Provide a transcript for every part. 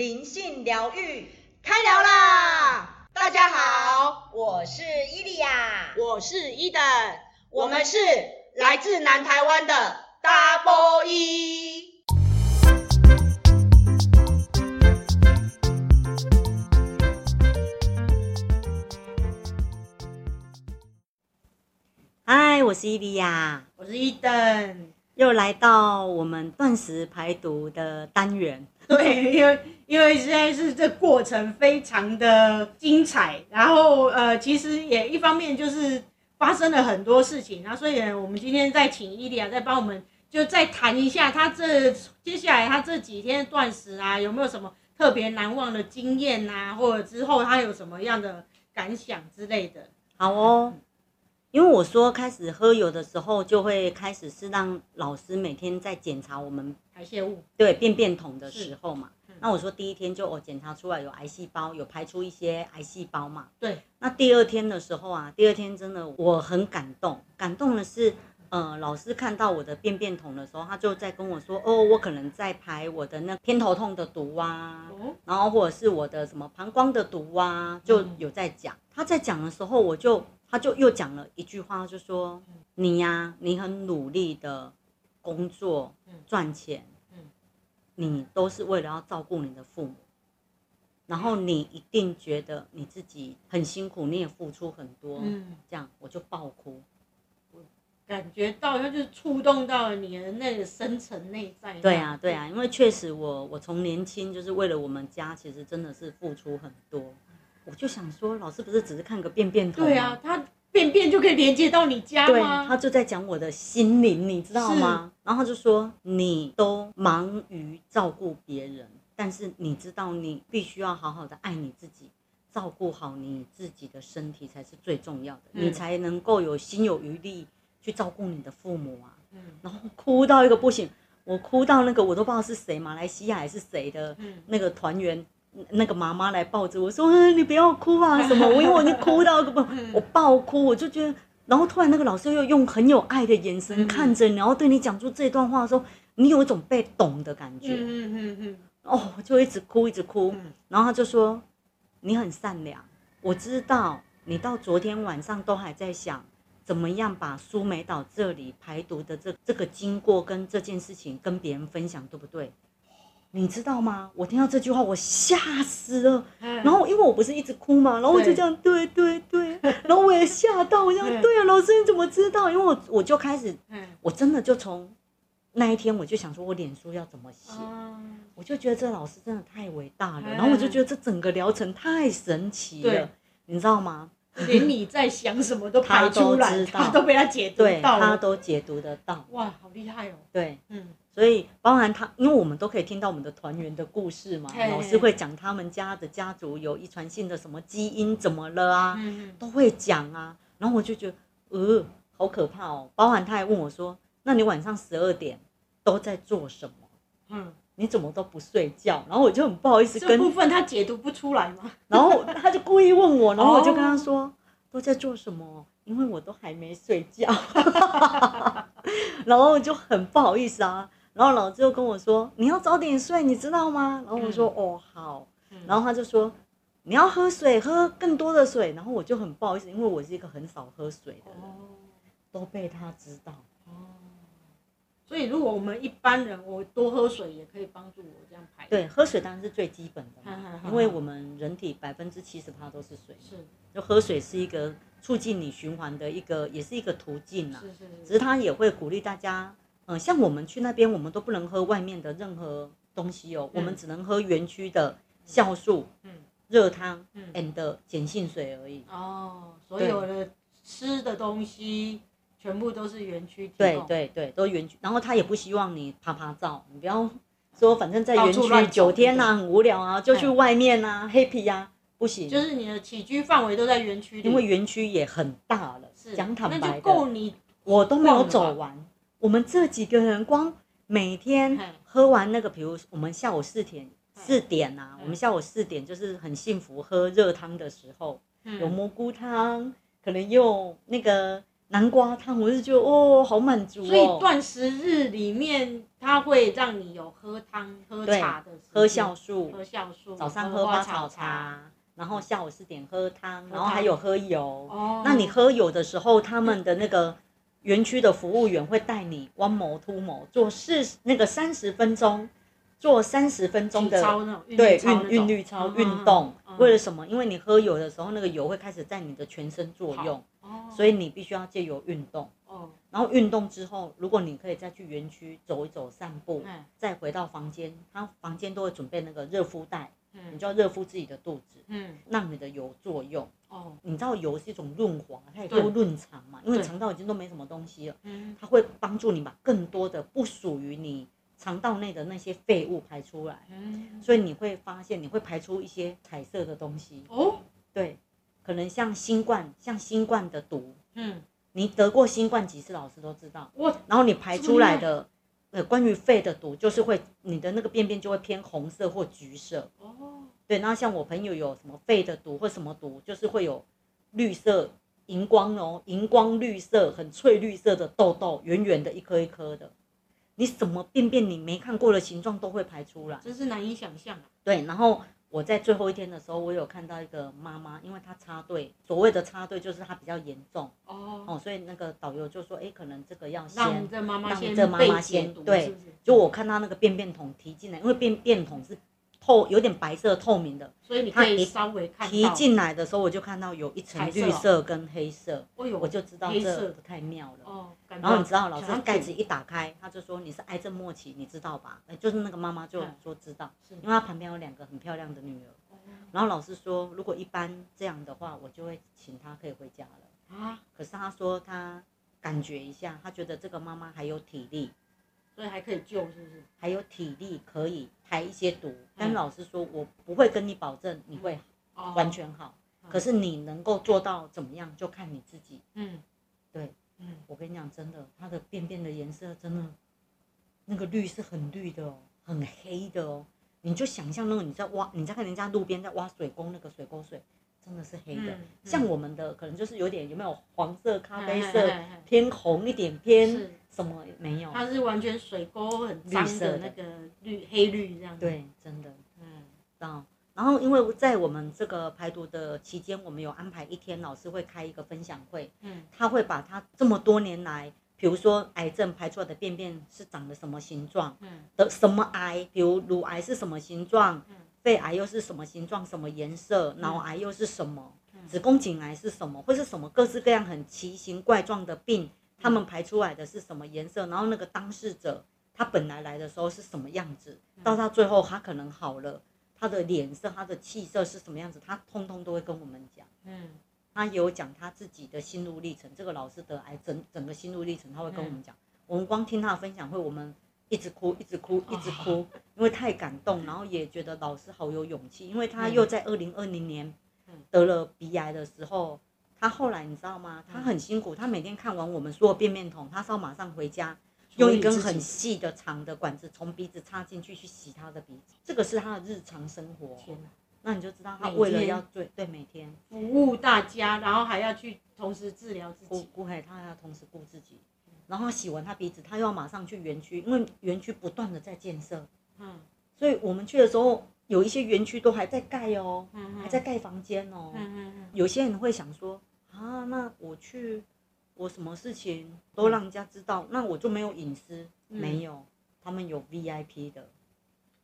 靈性聊遇開聊啦！大家好，我是伊利亞，我是伊登，我們是來自南台灣的 Double E，嗨，我是伊利亞，我是伊登，又來到我們斷食排毒的單元，對， 因為現在是這過程非常的精彩，然後呃，其實也一方面就是發生了很多事情啊，然後所以我們今天再請伊利亞再幫我們，就再談一下他這接下來他這幾天的斷食啊，有沒有什麼特別難忘的經驗啊，或者之後他有什麼樣的感想之類的。好哦，嗯，因為我說開始喝油的時候，就會開始是讓老師每天在檢查我們排泄物，對，便便桶的時候嘛。那我說第一天就我檢查出來有癌細胞，有排出一些癌細胞嘛。對。那第二天的時候啊，第二天真的我很感動，感動的是，呃，老師看到我的便便桶的時候，他就在跟我說，哦，我可能在排我的那偏頭痛的毒啊，哦，然後或者是我的什麼膀胱的毒啊，就有在講。他在講的時候，我就他就又講了一句話，就說你呀，啊，你很努力的工作，賺錢。你都是為了要照顧你的父母，然後你一定覺得你自己很辛苦，你也付出很多，嗯，這樣我就爆哭。我感覺到，他就觸動到了你的那個深層內在。對啊，對啊，因為確實我我從年輕就是為了我們家，其實真的是付出很多。我就想說，老師不是只是看個便便圖？對啊，他便便就可以連接到你家嗎？對，他就在講我的心靈，你知道嗎？然後就說，你都忙於照顧別人，但是你知道你必須要好好的愛你自己，照顧好你自己的身體才是最重要的，嗯、你才能夠有心有餘力去照顧你的父母啊。嗯、然後哭到一個不行，我哭到那個我都不知道是誰，馬來西亞還是誰的，那個團員那個媽媽來抱着我說、嗯：“你不要哭啊，什麼？”我以為你哭到一個不、嗯，我爆哭，我就覺得。然後突然，那個老師又用很有愛的眼神看着你，mm -hmm. 然後對你講出這段話的時候，你有一種被懂的感覺。嗯嗯嗯哦，就一直哭，一直哭。Mm -hmm. 然後他就說：“你很善良，我知道你到昨天晚上都還在想，怎麼樣把蘇梅島這裡排毒的這這個經過跟這件事情跟別人分享，對不對？”你知道嗎？我聽到這句話，我嚇死了。嗯、然後，因為我不是一直哭嘛，然後我就這樣對對對，對對對 然後我也嚇到，我這樣、嗯、對啊，老師你怎麼知道？因為我我就開始、嗯，我真的就從那一天我就想說，我臉書要怎麼寫、嗯？我就覺得這老師真的太偉大了，嗯、然後我就覺得這整個療程太神奇了，你知道嗎？嗯，連你在想什麼都排出來，他都知道，他都被他解讀到。他都解讀得到。哇，好厲害哦！對，嗯，所以包含他，因為我們都可以聽到我們的團員的故事嘛，嘿嘿，老師會講他們家的家族有遺傳性的什麼基因怎麼了啊，嗯，都會講啊。然後我就覺得，呃，好可怕哦。包含他還問我說：“那你晚上十二點都在做什麼？”嗯。你怎麼都不睡覺，然後我就很不好意思跟。這部分他解讀不出來嘛。 然後他就故意問我，然後我就跟他說、oh. 都在做什麼，因為我都還沒睡覺， 然後就很不好意思啊。然後老師又跟我說你要早點睡，你知道嗎？然後我說哦、yeah. oh, 好。然後他就說你要喝水，喝更多的水。然後我就很不好意思，因為我是一個很少喝水的人，oh. 都被他知道。所以，如果我們一般人，我多喝水也可以幫助我這樣排。對，喝水當然是最基本的，哈哈哈哈，因為我們人體百分之七十八都是水。是。就喝水是一個促進你循環的一個，也是一個途徑啦、啊。是是是，是。只是他也會鼓勵大家，嗯、呃，像我們去那邊，我們都不能喝外面的任何東西哦，嗯、我們只能喝園區的酵素、嗯，嗯熱湯，嗯，and 鹼性水而已。哦，所有的吃的東西。全部都是園區。對對對，都園區。然後他也不希望你趴趴走，你不要說反正在、啊，在園區九天吶很無聊啊，就去外面吶 happy 呀，不行。就是你的起居範圍都在園區裡。因為園區也很大了，講坦白的，那就夠你。我都沒有走完，我們這幾個人光每天喝完那個，比如我們下午四點四點吶、啊嗯，我們下午四點就是很幸福喝熱湯的時候，有蘑菇湯，可能有那個。南瓜湯，我是覺得哦，好滿足哦。所以斷食日裡面，它會讓你有喝湯、喝茶的時。喝酵素。喝酵素。早上喝花，花草茶，然後下午四點喝湯，然後還有喝油。哦。那你喝油的時候，他們的那個園區的服務員會帶你彎摩、突摩，做四那個三十分鐘，做三十分鐘的。對，運韻律操運、嗯、動、嗯。為了什麼？因為你喝油的時候，那個油會開始在你的全身作用。Oh. 所以你必須要借由運動，oh. 然後運動之後，如果你可以再去園區走一走、散步、嗯，再回到房間，他房間都會準備那個熱敷袋、嗯，你就要熱敷自己的肚子、嗯，讓你的油作用。Oh. 你知道油是一種潤滑，它有多潤腸嘛，因為腸道已經都沒什麼東西了，它會幫助你把更多的不屬於你腸道內的那些廢物排出來、嗯。所以你會發現，你會排出一些彩色的東西。哦、oh.，對。可能像新冠，像新冠的毒，嗯，你得過新冠幾次，老師都知道。然後你排出來的，來呃，關於肺的毒，就是會你的那個便便就會偏紅色或橘色。哦。對，然後像我朋友有什麼肺的毒或什麼毒，就是會有綠色熒光哦，熒光綠色，很翠綠色的痘痘，圓圓的，一顆一顆的。你什麼便便你沒看過的形狀都會排出來。真是難以想象啊。對，然後。我在最後一天的時候，我有看到一個媽媽，因為她插隊，所謂的插隊就是她比較嚴重，哦、oh. 嗯，所以那個導遊就說，哎、欸，可能這個要先讓這媽媽先，媽媽先對，是不是？就我看到那個便便桶提進來，因為便便桶是。透有點白色透明的，所以你可以稍微看到，一提進來的時候，我就看到有一層綠色跟黑色，黑色哦哎、我就知道黑色的太妙了、哦。然後你知道，老師蓋子一打開，他就說你是癌症末期，你知道吧？就是那個媽媽就說知道，嗯、是因為她旁邊有兩個很漂亮的女兒、哦。然後老師說，如果一般這樣的話，我就會請她可以回家了。啊！可是她說她感覺一下，她覺得這個媽媽還有體力。對，還可以救，是不是？還有體力可以排一些毒、嗯。但老師說，我不會跟你保證你會完全好。哦、可是你能夠做到怎麼樣，嗯、就看你自己。嗯，對，嗯，我跟你講，真的，它的便便的顏色真的，那個綠是很綠的哦，很黑的哦。你就想象那個你在挖，你在看人家路邊在挖水溝那個水溝水。真的是黑的，像我們的可能就是有點有沒有黃色、咖啡色、偏紅一點、偏什麼沒有？它是完全水溝很髒的那個綠黑綠這樣。對，真的。嗯。然後因為在我們這個排毒的期間，我們有安排一天，老師會開一個分享會。嗯。他會把他這麼多年來，比如說癌症排出來的便便是長的什麼形狀？嗯。的什麼癌？比如乳癌是什麼形狀？嗯。肺癌又是什麼形狀、什麼顏色？腦癌又是什麼？子宮頸癌是什麼？或是什麼各式各樣很奇形怪狀的病？他們排出來的是什麼顏色？然後那個當事者，他本來來的時候是什麼樣子？到他最後他可能好了，他的臉色、他的氣色是什麼樣子？他通通都會跟我們講。嗯，他有講他自己的心路歷程，這個老師得癌，整整個心路歷程他會跟我們講。我們光聽他的分享會，我們。一直哭，一直哭，一直哭，oh. 因為太感動，然後也覺得老師好有勇氣，因為他又在二零二零年得了鼻癌的時候，他後來你知道嗎？他很辛苦，他每天看完我們所有便便桶，他是要馬上回家，用一根很細的長的管子從鼻子插進去去洗他的鼻子，這個是他的日常生活。天啊。那你就知道他為了要對對每天，對每天服務大家，然後還要去同時治療自己，顧海他要同時顧自己。然後洗完他鼻子，他又要馬上去園區，因為園區不斷的在建設，嗯，所以我們去的時候，有一些園區都還在蓋哦，嗯、還在蓋房間哦，嗯，嗯，有些人會想說，啊，那我去，我什麼事情都讓人家知道，那我就沒有隱私，嗯、沒有，他們有 VIP 的，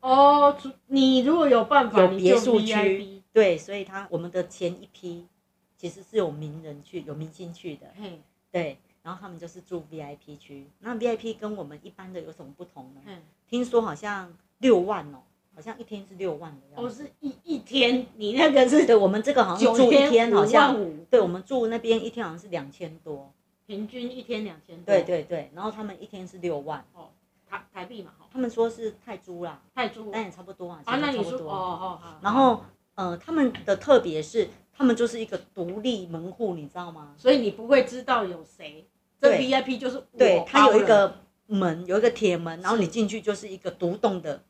哦，你如果有辦法，有別墅區，對，所以他我們的前一批，其實是有名人去，有明星去的，嗯，對。然後他們就是住 VIP 區，那 VIP 跟我們一般的有什麼不同呢？嗯，聽說好像六萬哦，好像一天是六萬的樣子。哦，是一一天，你那個是5 5對我們這個好像住一天好像。對，我們住那邊一天好像是兩千多，平均一天兩千多。對對對，然後他們一天是六萬。哦，台台幣嘛，他們說是泰銖啦，泰銖，但也差不多啊，差不多。啊，哦哦然後，呃，他們的特別是他們就是一個獨立門戶，你知道嗎？所以你不會知道有誰。這 VIP 就是對，對，它有一個門，有一個鐵門，然後你進去就是一個獨棟的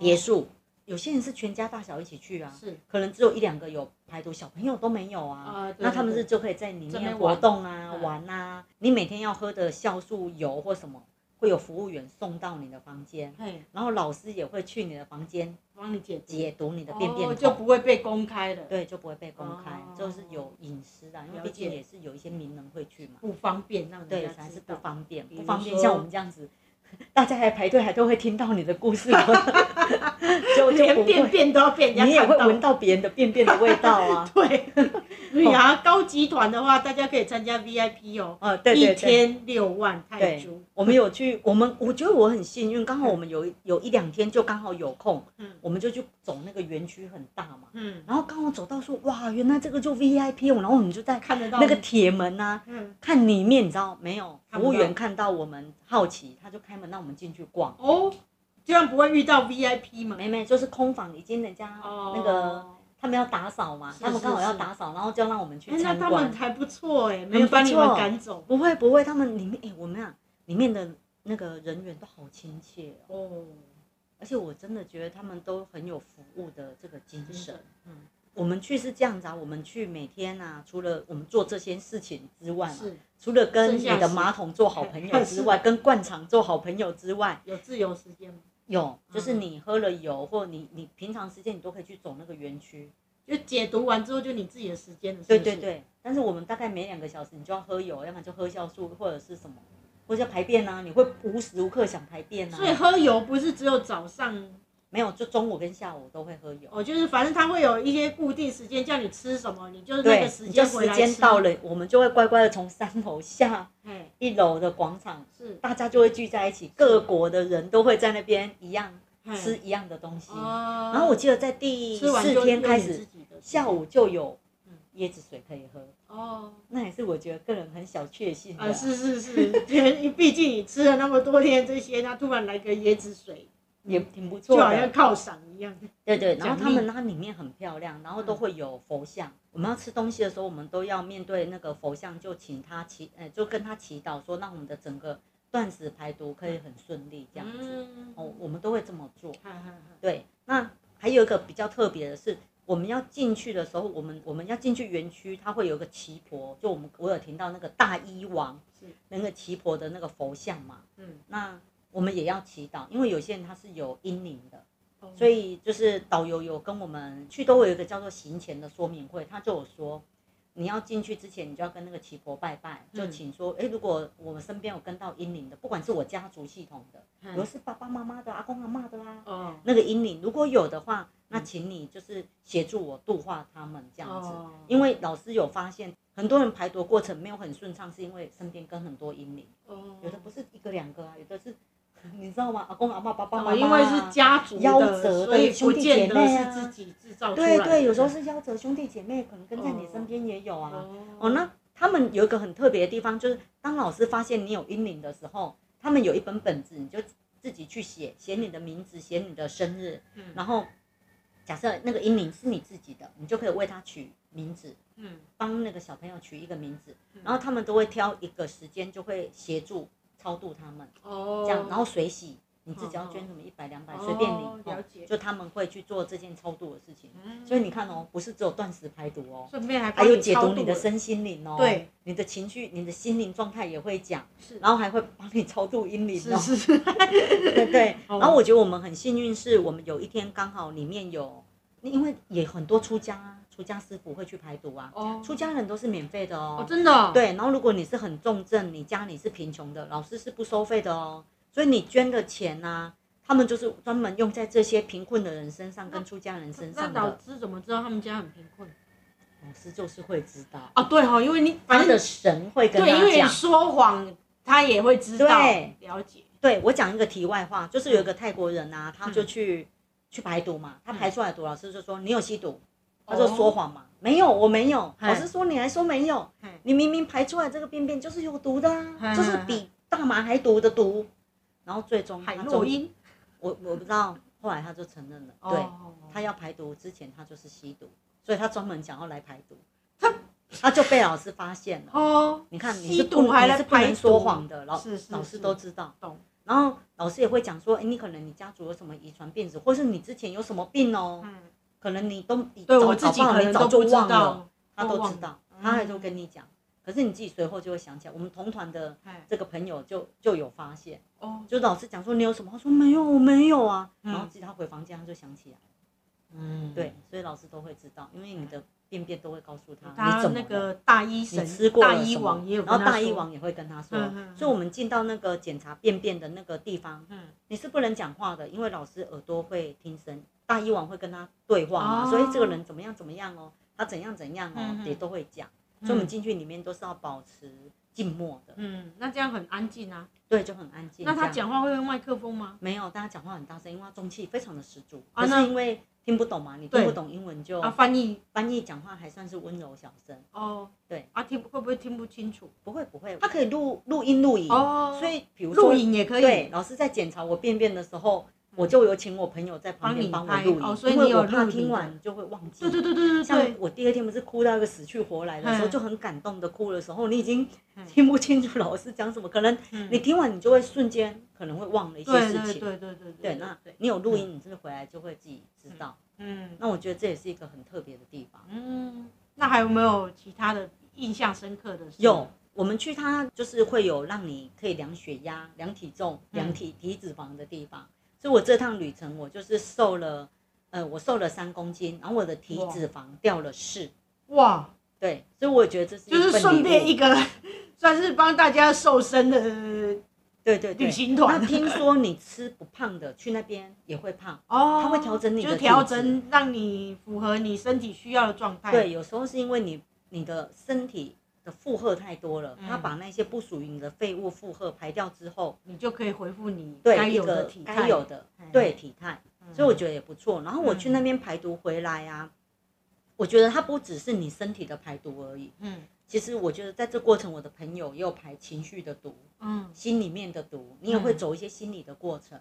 別墅。有些人是全家大小一起去啊，是，可能只有一兩個有排毒，小朋友都沒有啊。啊。對對對，那他們是就可以在裡面活動啊，玩，玩啊，啊。你每天要喝的酵素油或什麼？會有服務員送到你的房間，然後老師也會去你的房間幫你解解讀你的便便、哦，就不會被公開的，對，就不會被公開。哦、就是有隱私的。因為畢竟也是有一些名人會去嘛，不方便讓、嗯、對，還是不方便，不方便，不方便像我們這樣子。大家還排隊，還都會聽到你的故事嗎？ 就連便便都要變，你也會聞到別人的便便的味道啊。 對， 然後高級團的話，大家可以參加 VIP 哦。哦對，對對對，一天六萬泰銖。我們有去，我們我覺得我很幸運，剛好我們有、嗯、有一兩天就剛好有空，嗯，我們就去走那個園區很大嘛，嗯，然後剛好走到說，哇，原來這個就 VIP 哦，然後我們就在看得到那個鐵門啊看，看裡面，你知道沒有？服務員看到我們好奇，他就開門讓我們進去逛。哦，居然不會遇到 VIP 嗎？沒沒，就是空房，已經人家、哦、那個他們要打掃嘛，是是是，他們剛好要打掃，然後就讓我們去。哎，那他們還不錯哎，沒有把你們趕走。不,不會不會，他們裡面哎、欸，我們啊裡面的那個人員都好親切哦,哦，而且我真的覺得他們都很有服務的這個精神嗯。我們去是這樣子啊，我們去每天啊，除了我們做這些事情之外、啊，除了跟你的馬桶做好朋友之外，跟灌腸做好朋友之外，有自由時間嗎？有，就是你喝了油，或你你平常時間你都可以去走那個園區。嗯、就解毒完之後，就你自己的時間的。對對對，但是我們大概每兩個小時，你就要喝油，要不然就喝酵素，或者是什麼，或者排便呢、啊？你會無時無刻想排便呢、啊？所以喝油不是只有早上？沒有，就中午跟下午都會喝油。哦，就是反正他會有一些固定時間叫你吃什麼，你就那個時間回來吃。時間到了，我們就會乖乖的從三樓下一樓的廣場，是大家就會聚在一起，各國的人都會在那邊一樣吃一樣的東西。哦。然後我記得在第四天開始，下午就有椰子水可以喝。哦、嗯。那也是我覺得個人很小確幸的、嗯。是是是，因為 畢竟你吃了那麼多天這些，那突然來個椰子水。也挺不錯、嗯，不就好像靠山一樣。對對、對，然後他們它裡面很漂亮，然後都會有佛像。我們要吃東西的時候，我們都要面對那個佛像，就請他祈，就跟他祈禱說，讓我們的整個斷食排毒可以很順利這樣子。哦，我們都會這麼做、嗯。對、嗯，那還有一個比較特別的是，我們要進去的時候，我們我們要進去園區，它會有一個旗婆，就我們我有聽到那個大醫王，那個旗婆的那個佛像嘛。嗯。那。我們也要祈禱，因為有些人他是有陰靈的，oh. 所以就是導遊有跟我們去都有一個叫做行前的說明會，他就有說，你要進去之前，你就要跟那個奇婆拜拜，就請說，哎、嗯欸，如果我們身邊有跟到陰靈的，不管是我家族系統的，嗯、如果是爸爸媽媽的、阿公阿媽的啦、啊，oh. 那個陰靈如果有的話，那請你就是協助我度化他們這樣子，oh. 因為老師有發現很多人排毒過程沒有很順暢，是因為身邊跟很多陰靈，oh. 有的不是一個兩個啊，有的是。你知道嗎？阿公阿嬤、爸爸媽媽、夭折的兄弟姐妹啊，對對，有時候是夭折兄弟姐妹，可能跟在你身邊也有啊。哦，哦那他們有一個很特別的地方，就是當老師發現你有陰靈的時候，他們有一本本子，你就自己去寫，寫你的名字，寫你的生日。嗯。然後，假設那個陰靈是你自己的，你就可以為他取名字。嗯。幫那個小朋友取一個名字，然後他們都會挑一個時間，就會協助。超度他們，這樣，然後水洗，你自己要捐什麼一百兩百，隨便你。哦，就他們會去做這件超度的事情。嗯。所以你看哦，不是只有斷食排毒哦，順便還可以還有解讀你的身心靈哦，對，你的情緒、你的心靈狀態也會講，是然後還會幫你超度陰靈。哦。是是是， 對對。然後我覺得我們很幸運，是我們有一天剛好裡面有，因為也很多出家啊。出家師父會去排毒啊，出家人都是免費的哦。真的。對，然後如果你是很重症，你家裡是貧窮的，老師是不收費的哦。所以你捐的錢吶，他們就是專門用在這些貧困的人身上，跟出家人身上。老師怎麼知道他們家很貧困？老師就是會知道。啊，對哈，因為你。反正神會跟他講。對，因為你說謊，他也會知道。了解。對我講一個題外話，就是有一個泰國人吶，他就去去排毒嘛，他排出來毒，老師就說你有吸毒。他就說謊嘛，Oh, 沒有，我沒有、嗯。老師說你還說沒有，嗯、你明明排出來這個便便就是有毒的、啊嗯，就是比大麻還毒的毒。嗯、然後最終海洛因，我我不知道、嗯。後來他就承認了，哦、對、哦，他要排毒之前他就是吸毒，哦、所以他專門講要來排毒。他、哦、他就被老師發現了。哦，你看你是吸毒還排毒你是不能說謊的，老師，老師都知道、哦。然後老師也會講說，哎，你可能你家族有什麼遺傳病史，或是你之前有什麼病哦。嗯可能你都我自己可能早就忘了，他都知道、嗯，他還都跟你講。可是你自己隨後就會想起來，我們同團的這個朋友就就有發現，哦，就老師講說你有什麼，他說沒有，我沒有啊。嗯、然後自己他回房間，他就想起來，嗯，對，所以老師都會知道，因為你的便便都會告訴他。嗯、你走那個大醫神過大醫王也有，然後大醫王也會跟他說。嗯、所以我們進到那個檢查便便的那個地方，嗯，你是不能講話的，因為老師耳朵會聽聲。大一晚會跟他對話、哦、所以這個人怎麼樣怎麼樣哦，他怎樣怎樣哦，嗯、也都會講、嗯。所以我們進去裡面都是要保持靜默的，嗯。嗯，那這樣很安靜啊。對，就很安靜。那他講話會用麥克風嗎？沒有，但他講話很大聲，因為他中氣非常的十足。啊，那因為那聽不懂嘛，你聽不懂英文就啊，翻譯翻譯講話還算是溫柔小聲。哦，對啊，聽不會不會聽不清楚？不會不會，他可以錄錄音錄影。哦，所以比如說錄影也可以。對，老師在檢查我便便的時候。我就有請我朋友在旁邊幫我錄音、哦，因為我怕聽完就會忘記。對對對對對，像我第二天不是哭到一個死去活來的時候，就很感動的哭的時候，你已經聽不清楚老師講什麼，可能你聽完你就會瞬間可能會忘了一些事情。嗯、對對對對對。對，那你有錄音，你真的回來就會自己知道。嗯。嗯。那我覺得這也是一個很特別的地方。嗯。那還有沒有其他的印象深刻的事、啊？有，我們去它就是會有讓你可以量血壓、量體重、量體體脂肪的地方。所以，我這趟旅程，我就是瘦了，呃，我瘦了三公斤，然後我的體脂肪掉了四。哇！對，所以我覺得這是就是順便一個，算是幫大家瘦身的旅行團。對對對。旅行團，那聽說你吃不胖的， 去那邊也會胖哦？他會調整你的，就調整讓你符合你身體需要的狀態。對，有時候是因為你你的身體。的負荷太多了，他把那些不屬於你的廢物負荷排掉之後，嗯、你就可以恢復你該有的該有的，有的，有的，對，體態、嗯，所以我覺得也不錯。然後我去那邊排毒回來啊，嗯、我覺得它不只是你身體的排毒而已。嗯。其實我覺得，在這過程，我的朋友也有排情緒的毒，嗯，心裡面的毒，嗯，你也會走一些心理的過程，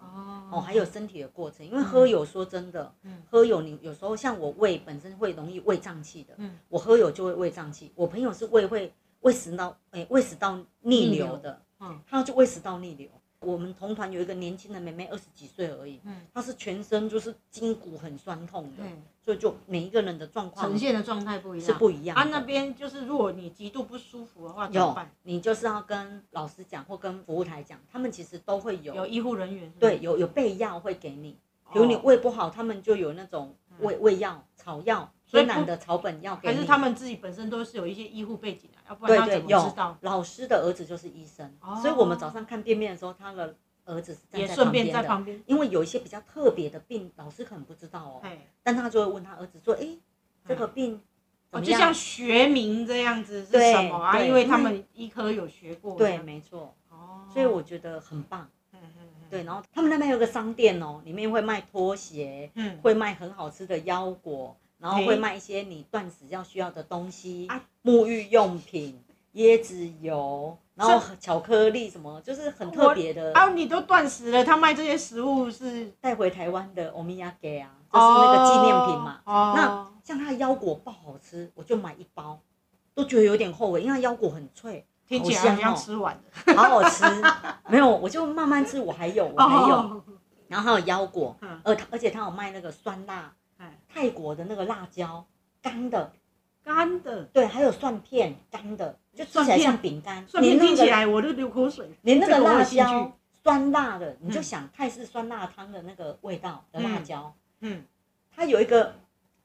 哦，還有身體的過程，嗯。因為喝有說真的，嗯，喝有你有時候像我胃本身會容易胃脹氣的，嗯，我喝有就會胃脹氣。我朋友是胃會胃食道，誒，胃食道、欸、逆流的逆流，嗯，他就胃食道逆流。我們同團有一個年輕的妹妹，二十幾歲而已、嗯，她是全身就是筋骨很酸痛的、嗯，所以就每一個人的狀況呈現的狀態不一樣，是不一樣。她、啊、那邊就是如果你極度不舒服的話，有你就是要跟老師講或跟服務台講，他們其實都會有有醫護人員是不是？對，有有備藥會給你，比如你胃不好，他們就有那種胃胃藥、嗯、草藥。雲南的草本藥，可是他們自己本身都是有一些醫護背景的、啊，要不然他怎麼知道對對？老師的兒子就是醫生，哦、所以我們早上看便便的時候，他的兒子是站在旁邊的，也順便在旁邊。因為有一些比較特別的病，老師可能不知道哦。但他就會問他兒子說：“哎，這個病、哦，就像學名這樣子是什麼啊？”因為他們醫科有學過、嗯。對，沒錯、哦。所以我覺得很棒、嗯嗯嗯。對，然後他們那邊有個商店哦，裡面會賣拖鞋，嗯，會賣很好吃的腰果。然後會賣一些你斷食要需要的東西，沐、啊、浴用品、椰子油，然後巧克力什麼，就是很特別的。啊，你都斷食了，他賣這些食物是帶回台灣的 omiyage 啊，就是那個紀念品嘛。哦、那、哦、像他的腰果不好吃，我就買一包，都覺得有點後悔，因為腰果很脆，我想、哦、要吃完好好吃， 沒有，我就慢慢吃，我還有，我還有。哦、然後還有腰果，而、啊、而且他有賣那個酸辣。泰國的那個辣椒乾的，乾的，對，還有蒜片乾的，就吃起來像餅乾。蒜片、那個、蒜片聽起來我都流口水。連那個辣椒、這個、酸辣的，你就想泰式酸辣湯的那個味道的辣椒。嗯，嗯嗯，它有一個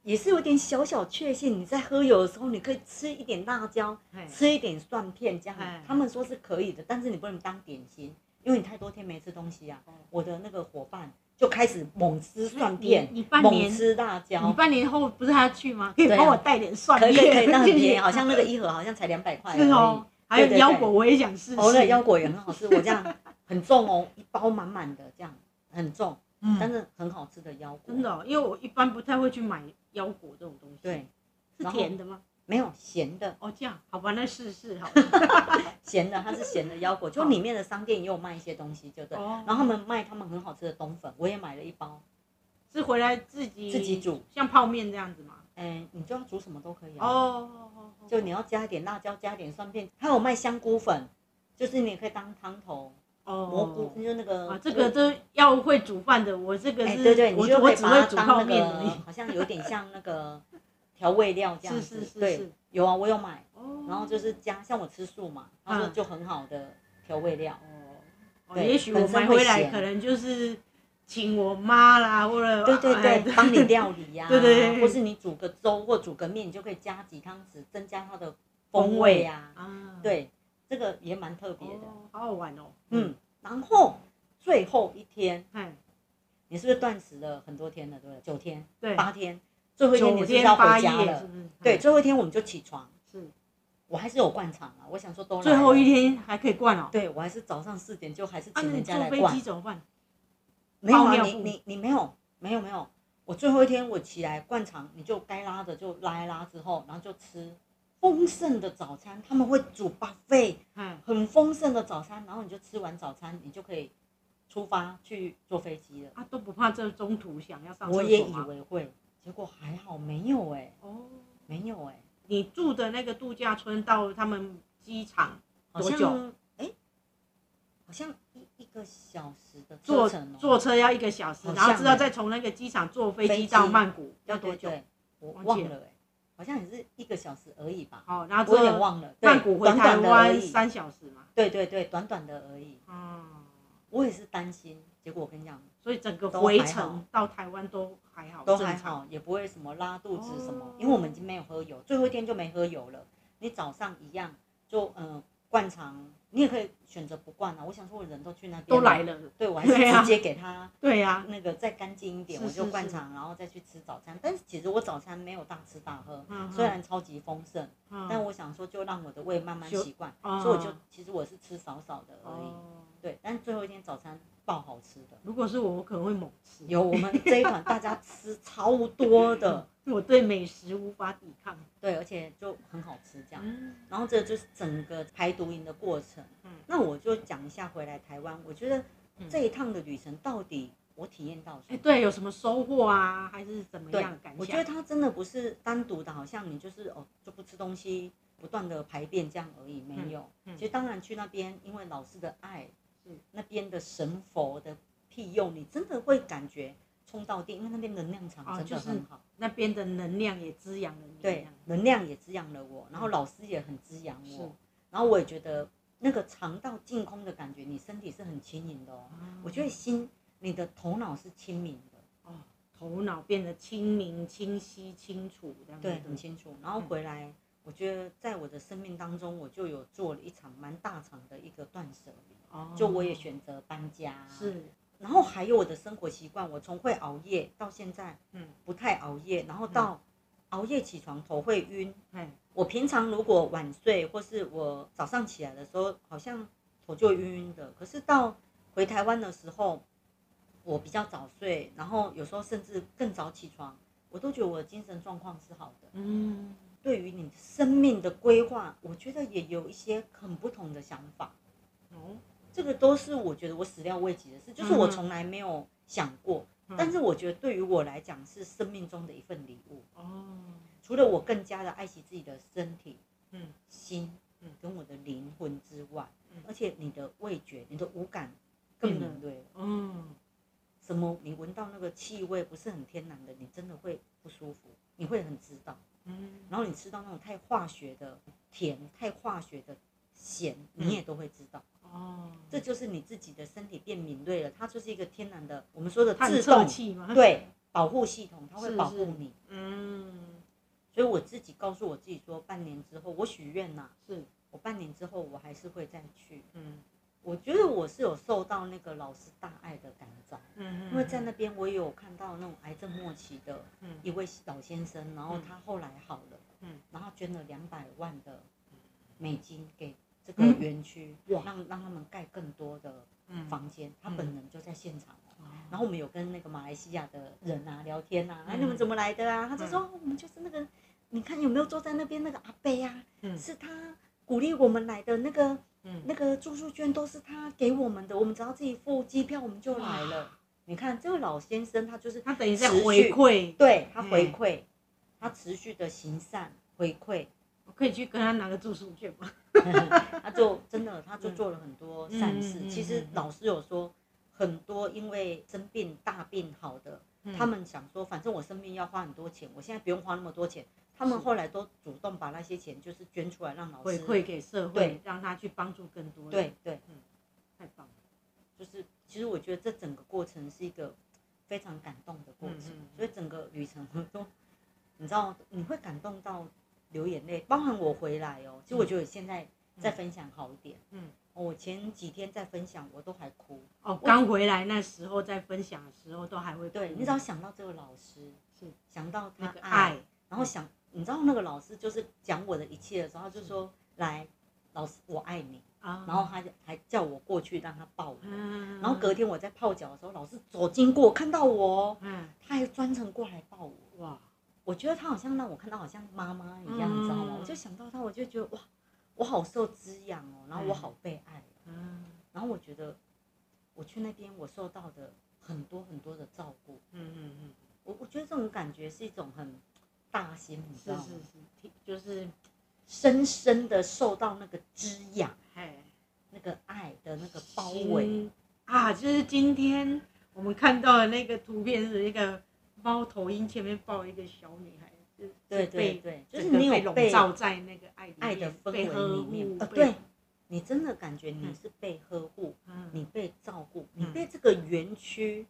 也是有點小小確幸。你在喝油的時候，你可以吃一點辣椒，吃一點蒜片這樣。他們說是可以的，但是你不能當點心，因為你太多天沒吃東西啊。我的那個夥伴。就開始猛吃蒜片，你你半年，猛吃辣椒。你半年後不是還要去嗎？可以幫我帶點蒜片對、啊可可可，可以，那很便宜。好像那個一盒好像才兩百塊。是哦，還有腰果我也想試試。哦，對，腰果也很好吃。我這樣很重哦， 一包滿滿的這樣很重、嗯，但是很好吃的腰果。真的、哦，因為我一般不太會去買腰果這種東西。對，是甜的嗎？沒有鹹的哦，oh, 這樣好吧，那試試好了。鹹 的它是鹹的腰果， 就裡面的商店也有賣一些東西，就對。Oh. 然後他們賣他們很好吃的冬粉，我也買了一包，是回來自己自己煮，像泡麵這樣子嘛。哎、欸，你就要煮什麼都可以哦、啊。Oh. 就你要加一點辣椒，加一點蒜片，還有賣香菇粉，就是你可以當湯頭。哦、oh.。蘑菇就是那個。Oh. 啊、這個都要會煮飯的，我這個是、欸。對對，我你就可以我會煮把它當那個泡，好像有點像那個。 調味料這樣子，對，是是是有啊，我有買，哦、然後就是加，像我吃素嘛，然後就很好的調味料。啊哦、也許我買回來可能就是請我媽啦，或者對對對，幫你料理呀、啊， 對對，對，對或是你煮個粥或煮個麵，你就可以加幾湯匙，增加它的風味呀、啊。啊、嗯，對，這個也蠻特別的、哦，好好玩哦。嗯，然後最後一天，你是不是斷食了很多天了？對不對？九天？對，八天。最後一天你就要回家了，是是，對，是是，最後一天我們就起床。是，我還是有灌腸啊。我想說都了。最後一天還可以灌哦、喔。對，我還是早上四點就還是請人家來灌。啊、飛機怎麼辦？沒有啊，你你你沒有沒有沒有。我最後一天我起來灌腸，你就該拉的就拉一拉，之後然後就吃豐盛的早餐。他們會煮巴 u 嗯，很豐盛的早餐。然後你就吃完早餐，你就可以出發去坐飛機了。啊，都不怕這中途想要上，我也以為會。結果還好沒有哎、欸，哦，沒有哎、欸。你住的那個度假村到他們機場好像多久？哎、欸，好像一一個小時的車，喔，坐坐車要一個小時，欸，然後知道再從那個機場坐飛機到曼谷，欸，到曼谷對對對對，要多久？對對對，我忘了哎、欸，好像也是一個小時而已吧。哦，然後我有點忘了。曼谷回台灣三小時嘛？對對對，短短的而已。哦，嗯，我也是擔心，結果我跟你講。所以整個回程到台灣都還好，都還好，也不會什麼拉肚子什麼、哦，因為我們已經沒有喝油，最後一天就沒喝油了。你早上一樣，就嗯、呃、灌腸，你也可以選擇不灌啊。我想說，我人都去那邊都來了，對我還是直接給他對呀、對啊，那個再乾淨一點，我就灌腸，然後再去吃早餐。但是其實我早餐沒有大吃大喝，嗯、雖然超級豐盛、嗯，但我想說就讓我的胃慢慢習慣，嗯、所以我就其實我是吃少少的而已。哦、對，但是最後一天早餐，爆好吃的！如果是我，我可能會猛吃。 有我們這一款，大家吃超多的 對對對。我對美食無法抵抗。對，而且就很好吃，這樣、嗯。然後這就是整個排毒營的過程。嗯、那我就講一下回來台灣，我覺得這一趟的旅程到底我體驗到，什麼、嗯欸？對，有什麼收穫啊？還是怎麼樣的感？感，覺？我覺得它真的不是單獨的，好像你就是哦，就不吃東西，不斷的排便這樣而已，沒有。嗯嗯、其實當然去那邊，因為老師的愛。那邊的神佛的庇佑，你真的會感覺充到電，因為那邊的能量場真的很好。哦就是、那邊的能量也滋養了你，對，能量也滋養了我，嗯、然後老師也很滋養我，然後我也覺得那個腸道淨空的感覺，你身體是很輕盈的哦。哦我覺得心，你的頭腦是清明的哦，頭腦變得清明、清晰、清楚，對，很清楚、嗯。然後回來。我覺得在我的生命當中，我就有做了一場蠻大場的一個斷捨離，oh, 就我也選擇搬家。是，然後還有我的生活習慣，我從會熬夜到現在，嗯，不太熬夜，嗯，然後到熬夜起床，嗯，頭會暈，嗯。我平常如果晚睡，或是我早上起來的時候，好像頭就暈暈的。可是到回台灣的時候，我比較早睡，然後有時候甚至更早起床，我都覺得我的精神狀況是好的。嗯。對於你生命的規劃，我覺得也有一些很不同的想法。哦、這個都是我覺得我始料未及的事，嗯、就是我從來沒有想過。嗯、但是我覺得，對於我來講，是生命中的一份禮物。哦、除了我更加的愛惜自己的身體、嗯、心、嗯，跟我的靈魂之外、嗯，而且你的味覺、你的五感更對了，更敏銳。什麼？你聞到那個氣味不是很天然的，你真的會不舒服，你會很知道。嗯，然後你吃到那種太化學的甜，太化學的鹹，你也都會知道。嗯，哦，這就是你自己的身體變敏銳了。它就是一個天然的，我們說的自動，對，保護系統，它會保護你。是是。嗯。所以我自己告訴我自己說，半年之後我許願吶，啊，是我半年之後我還是會再去。嗯。我覺得我是有受到那個老師大愛的感召。嗯，因為在那邊我有看到那種癌症末期的一位老先生、嗯，然後他後來好了，嗯，然後捐了兩百萬的美金給這個園區，嗯、讓讓他們蓋更多的房間。嗯、他本人就在現場了、嗯，然後我們有跟那個馬來西亞的人啊聊天啊，哎、嗯，你們怎麼來的啊？他就說、嗯、我們就是那個，你看有沒有坐在那邊那個阿伯啊、嗯？是他鼓勵我們來的那個。那個住宿券都是他給我們的，我們只要自己付機票，我們就來了。你看這個老先生，他就是他等於在回饋，對，他回饋、欸，他持續的行善回饋。我可以去跟他拿個住宿券嗎？ 他就真的，他就做了很多善事。嗯、其實老師有說，嗯、很多因為生病大病好的，嗯，他們想說，反正我生病要花很多錢，我現在不用花那麼多錢。他們後來都主動把那些錢就是捐出來，讓老師回饋給社會，讓他去幫助更多人。對對，嗯，太棒了，就是其實我覺得這整個過程是一個非常感動的過程，嗯嗯、所以整個旅程都，你知道，你會感動到流眼淚，包含我回來哦。其實我覺得我現在在分享好一點，嗯嗯，嗯，我前幾天在分享我都還哭，哦，剛回來那時候在分享的時候都還會，對、嗯、你只要想到這個老師是，想到他那個愛。然後想，你知道那個老師就是講我的一切的時候，就說來，老師我愛你，哦、然後他就還叫我過去讓他抱我，嗯。然後隔天我在泡腳的時候，老師走經過看到我，嗯，他還專程過來抱我。哇。我覺得他好像讓我看到，好像媽媽一樣，嗯，你知道嗎？我就想到他，我就覺得哇，我好受滋養哦，然後我好被愛，嗯。然後我覺得，我去那邊，我受到的很多很多的照顧。嗯嗯嗯。我我覺得這種感覺是一種很。大心，你知道，是是是就是深深的受到那個滋養，嘿，那個愛的那個包圍、嗯、啊！就是今天我們看到的那個圖片，是一個貓頭鷹前面抱一個小女孩，對對對，對對對，就是你有被罩在那個愛的氛圍裡面，哦、對，你真的感覺你是被呵護、嗯，你被照顧、嗯，你被這個園區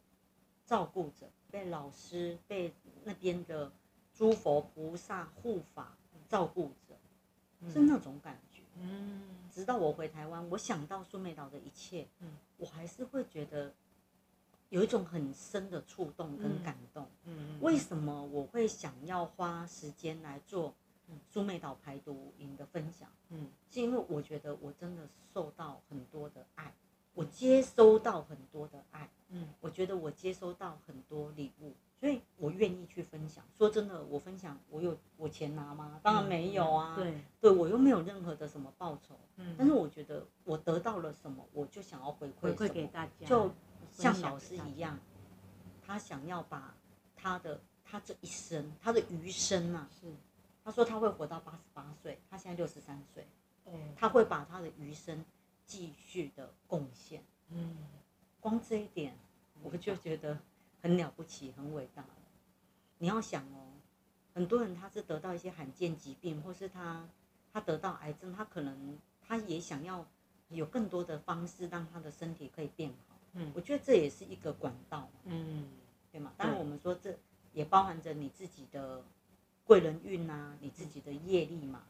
照顧着、嗯，被老師，被那邊的。諸佛菩薩護法照顧着，嗯、是那種感覺、嗯。直到我回台灣，我想到蘇美島的一切、嗯，我還是會覺得有一種很深的觸動跟感動。嗯嗯、為什麼我會想要花時間來做蘇美島排毒營的分享、嗯？是因為我覺得我真的受到很多的愛，我接收到很多的愛。嗯、我覺得我接收到很多禮物。所以，我願意去分享。說真的，我分享，我有我錢拿嗎？當然沒有啊。對。對，我又沒有任何的什麼報酬。嗯。但是我覺得我得到了什麼，我就想要回饋，回饋給大家。就像老師一樣，他想要把他的他這一生，他的餘生啊。是。他說他會活到八十八歲，他現在六十三歲。他會把他的餘生繼續的貢獻。嗯。光這一點，我就覺得。很了不起，很偉大。你要想哦，很多人他是得到一些罕見疾病，或是他他得到癌症，他可能他也想要有更多的方式，讓他的身體可以變好。嗯，我覺得這也是一個管道。嗯，對嘛。當然，我們說這也包含着你自己的貴人運啊，嗯、你自己的業力嘛，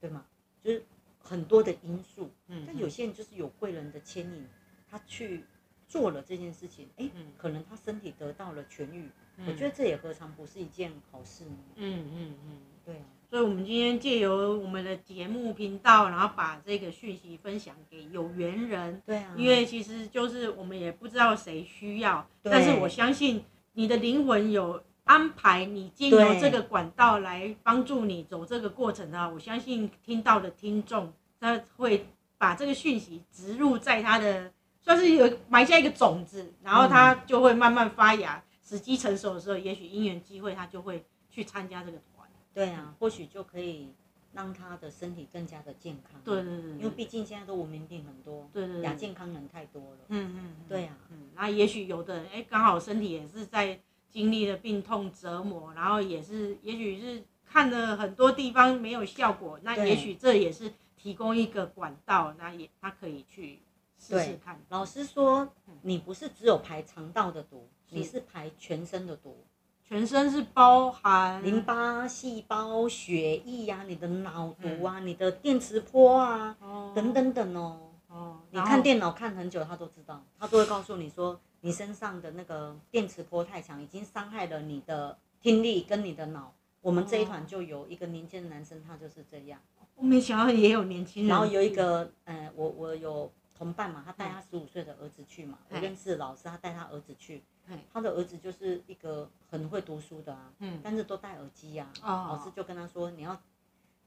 對嘛。就是很多的因素。嗯，但有些人就是有貴人的牽引，他去。做了這件事情，哎，可能他身體得到了痊癒，嗯，我覺得這也何嘗不是一件好事呢？嗯嗯嗯，對啊。所以，我們今天借由我們的節目頻道，然後把這個訊息分享給有緣人。嗯，對啊。因為其實就是我們也不知道誰需要，但是我相信你的靈魂有安排，你經由這個管道來幫助你走這個過程啊。我相信聽到的聽眾，他會把這個訊息植入在他的。算是有埋下一個種子，然後他就會慢慢發芽，嗯、時機成熟的時候，也許因緣機會他就會去參加這個團。對啊，嗯、或許就可以讓他的身體更加的健康。對對對，對。因為畢竟現在都文明病很多，對，亞健康人太多了。嗯嗯。對啊。嗯，那也許有的人哎，欸、剛好身體也是在經歷了病痛折磨，然後也是，也許是看了很多地方沒有效果，那也許這也是提供一個管道，那也他可以去。對，試試看，老師說，你不是只有排腸道的毒，你是排全身的毒，全身是包含淋巴細胞、血液呀、啊、你的腦毒啊、嗯、你的電磁波啊等、哦、等等哦。哦。你看電腦看很久，他都知道，他都會告訴你說，你身上的那個電磁波太強，已經傷害了你的聽力跟你的腦。我們這一團就有一個年輕的男生，他就是這樣。哦嗯、我沒想到也有年輕人。然後有一個嗯、呃，我我有。同伴嘛，他帶他十五歲的兒子去嘛。我認識老師，他帶他兒子去、嗯。他的兒子就是一個很會讀書的啊，嗯、但是都戴耳機呀、啊哦哦。老師就跟他說：“你要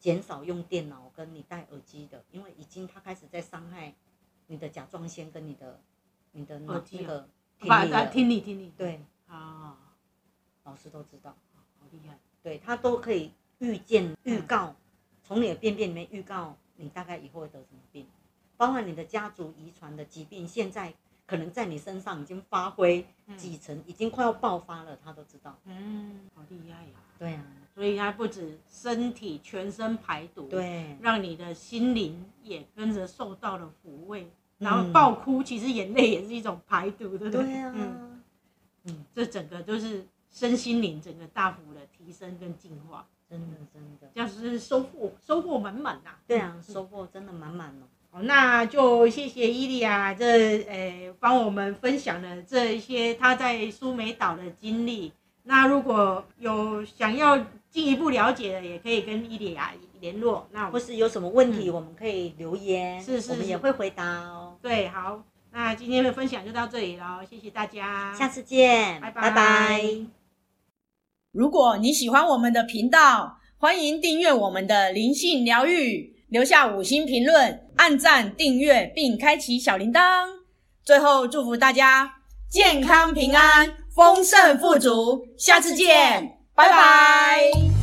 減少用電腦，跟你戴耳機的，因為已經他開始在傷害你的甲狀腺跟你的你的那個聽力。啊啊啊”聽力，聽力。對。啊、哦。老師都知道，哦、好厲害。對，他都可以預見、預告，從、嗯、你的便便裡面預告你大概以後會得什麼病。包括你的家族遺傳的疾病，現在可能在你身上已經發揮幾成，嗯，已經快要爆發了，他都知道。嗯，好厲害呀，啊！對呀，啊，所以他不止身體全身排毒，對，讓你的心靈也跟着受到了撫慰。嗯、然後爆哭，其實眼淚也是一種排毒，對不對？對、啊，嗯，嗯，這整個就是身心靈整個大幅的提升跟進化。真的，真的。這、嗯、樣，就是收穫，收穫滿滿吶，啊。對呀，啊，收穫真的滿滿哦。嗯嗯好，那就謝謝伊利亞這誒幫、欸、我們分享了這一些她在蘇美島的經歷。那如果有想要進一步了解的，也可以跟伊利亞聯絡。那或是有什麼問題，我們可以留言，嗯、是是是我們也會回答、哦。對，好，那今天的分享就到這裡了，謝謝大家，下次見，拜拜。拜拜，如果你喜歡我們的頻道，歡迎訂閱我們的靈性療癒。留下五星評論，按讚訂閱並開啟小鈴鐺。最後祝福大家健康平安、豐盛富足。下次見，拜拜。